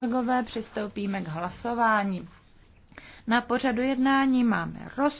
Kolegové, přistoupíme k hlasování. Na pořadu jednání máme rozpočet.